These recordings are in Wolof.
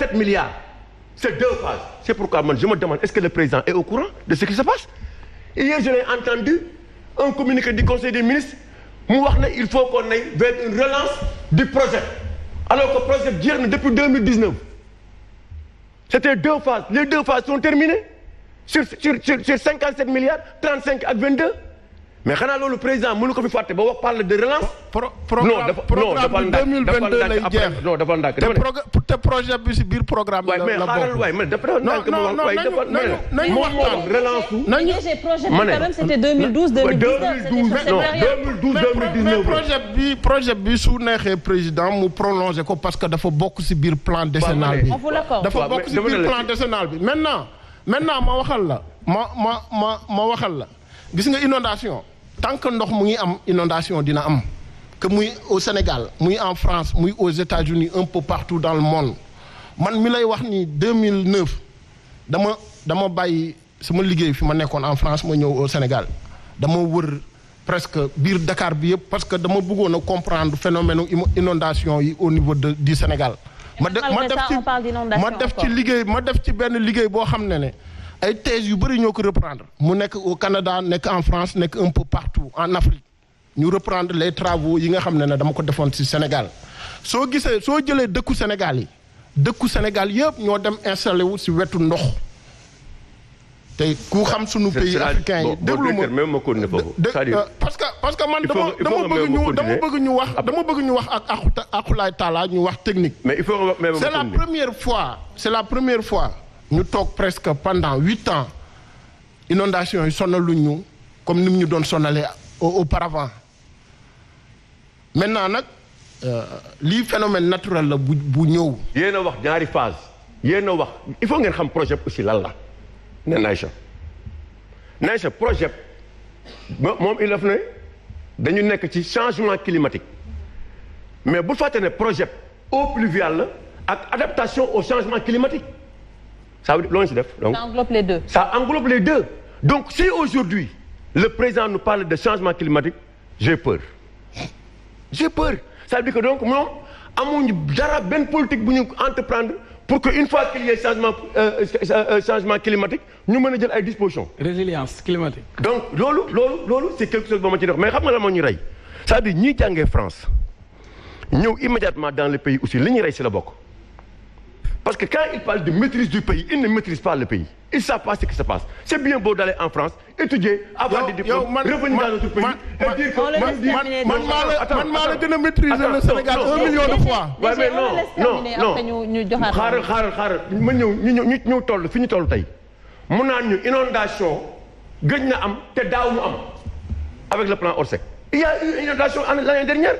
27 milliards c'est deux phases c'est pourquoi man le président est au courant de ce qui se passe hier je l'ai entendu un mu wax ne il faut qu'on aille vers une relance du projet alors que projet jeex na depuis 2019 c'était deux phases les deux phases sont terminées sur sur sur 57 milliards 35 ak 22 mais xanaa loolu président mënu ko fi fàtte ba wax parle de relance. programme programme deux mille lay jeex te projet bi si biir programme. la la bokk waay mais xaaral waay nañu waxtaan bi projet bi su neexee président mu prolongé ko parce que dafa bokk si biir plan décennal bi. dafa bokk si biir plan bi maintenant maintenant ma waxal la ma ma ma ma waxal la gis nga inondation tant que ndox mu ngi am inondation dina am que muy au Sénégal muy en France muy aux États-Unis un peu partout dans le monde man mi lay wax ni 2009 dama dama bàyyi sama liggéey fi ma nekkoon en France ma ñëw au Sénégal dama wër presque biir Dakar bi yëpp parce que dama bëggoon a comprendre phénomène inondation yi au niveau de du Sénégal. ma def ma def ci ma def ci liggéey ma def ci benn liggéey boo xam ne ne. ay thèse yu bëri ñoo ko reprendre mu nekk au Canada nekk en France nekk un peu partout en Afrique ñu reprendre les travaux yi nga xam ne ne dama ko defoon ci Sénégal soo gisee soo jëlee dëkku Sénégal yi dëkku Sénégal yëpp ñoo dem installé wu ci wetu ndox te ku xam sunu pays africain yi déglu ma euh, parce que parce que man dama dama bëgg ñu ñu wax ah dama bëgg ñu wax ak aqu aqulaay taala ñu wax technique c'est la première fois c'est la première fois ñu toog presque pendant huit ans inondation yi sonaluñ ñu comme ni mu ñu doon sonalee auparavant maintenant nag euh, lii phénomène naturel la bu bu ñëw. yéen a wax ñaari phase yéen a wax il faut ngeen xam projet aussi lan la ne Naïcha Naïcha projet moom il def ne dañu nekk ci changement climatique mais bu fàtte ne projet eau pluviale la ak adaptation au changement climatique. ça veut dire si def donc. ça englobe les deux. ça englobe les aujourd'hui le président nous parle de changement climatique j'ai peur j'ai peur ça veut dire que donc moom amuñu dara ben politique bu ñu entreprendre pour que une fois qu'il y ait euh, euh, changement climatique ñu mën a jël ay dispositions. résilience climatique. donc loolu loolu loolu c'est quelque chose boo ma ci def mais xam nga la moo ñu rey c'est-à-dire ñii jàngee France ñëw immédiatement dans le pays aussi li ñu rey si la bokk. Parce que quand ils parlent de maîtrise du pays, ils ne maîtrisent pas pays. Ils ne qui se passe. C'est bien beau en France, étudier, avoir des diplômes, revenir dans notre pays et dire que... Man maa la gën a maîtriser le Sénégal un million de fois. waaye mais non non non xaaral xaaral tey. mu naan ñu inondation gëj na te daaw mu am avec le plan Orsec. il y a eu inondation l'année dernière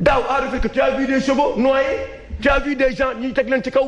daaw à Rufisque tu as des chevaux noyés tu as des gens ñuy teg ci kaw.